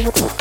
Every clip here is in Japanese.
Thank you.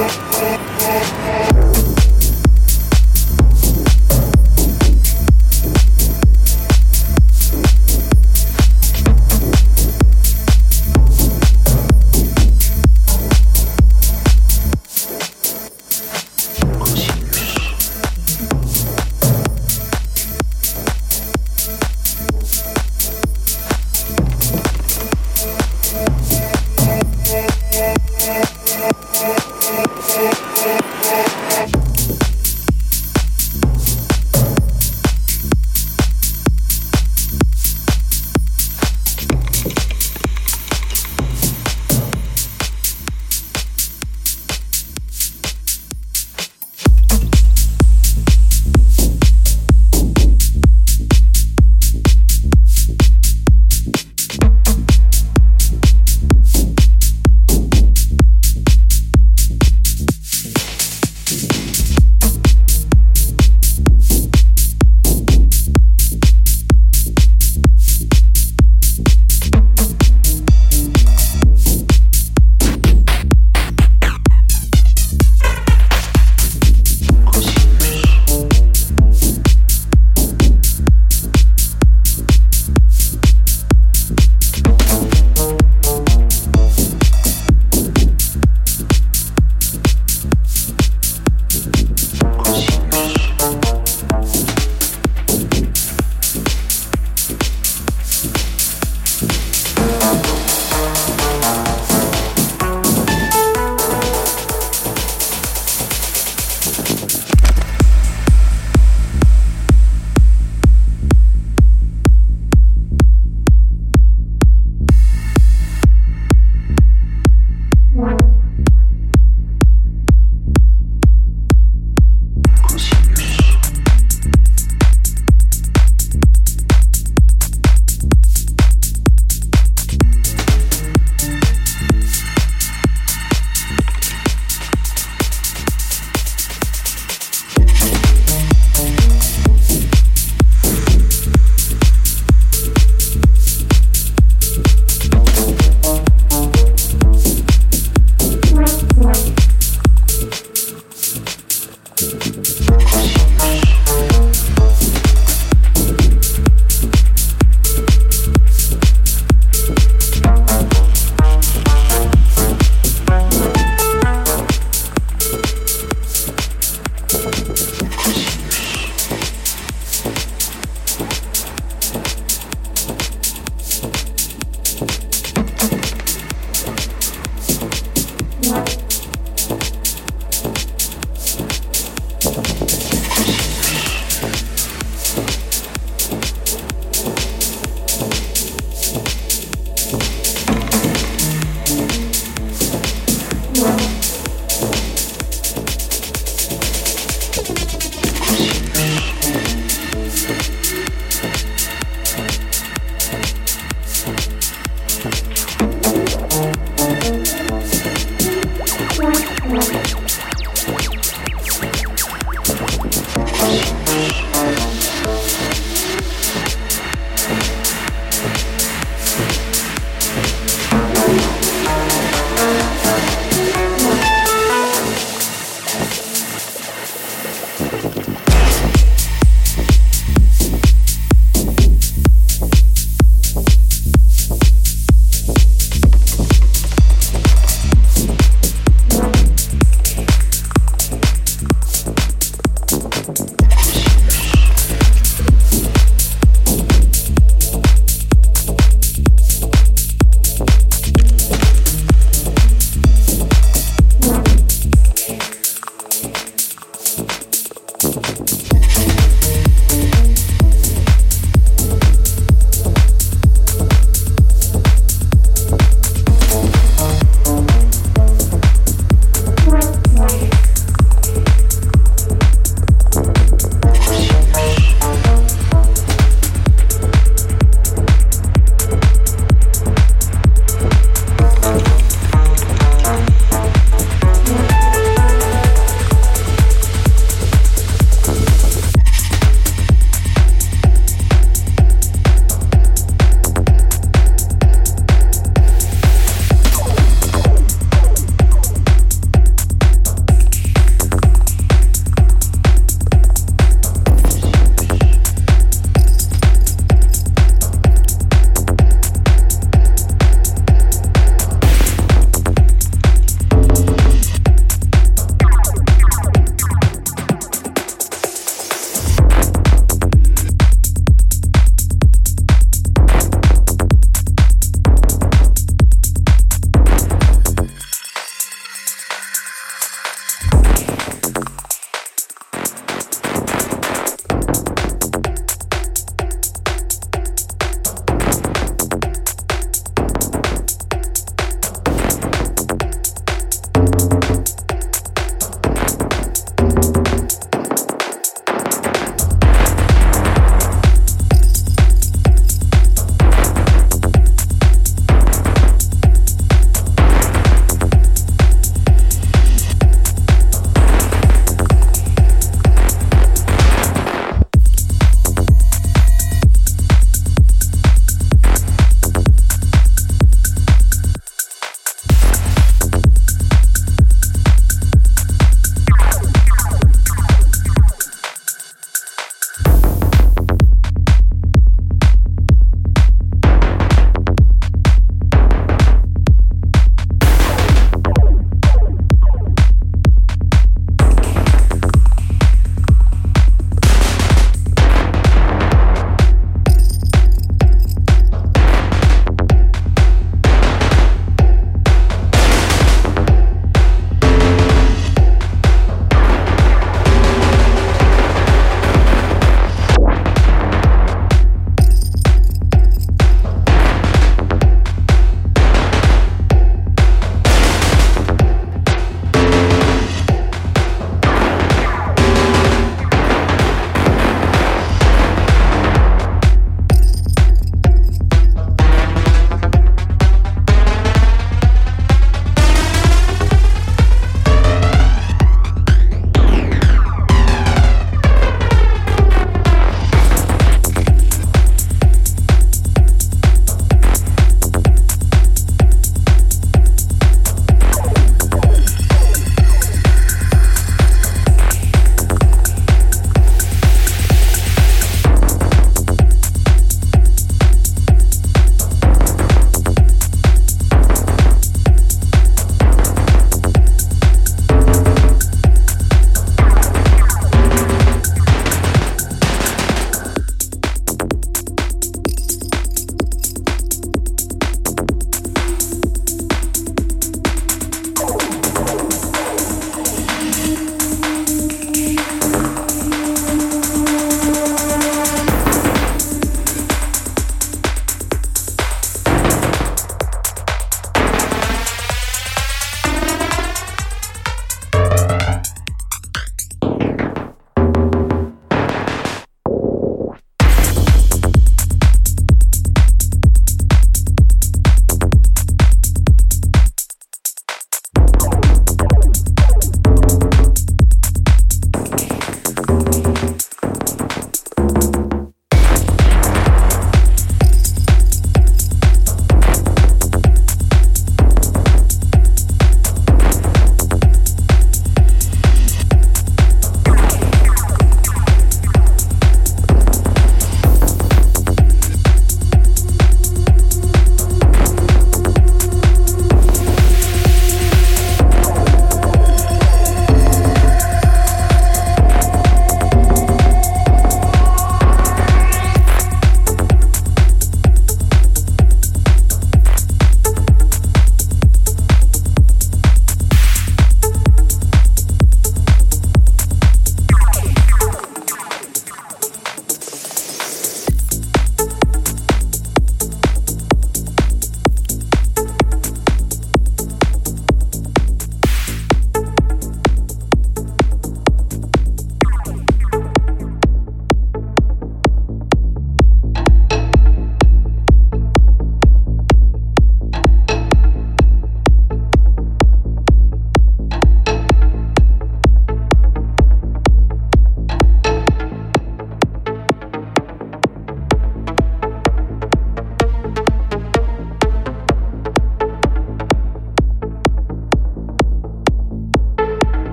music.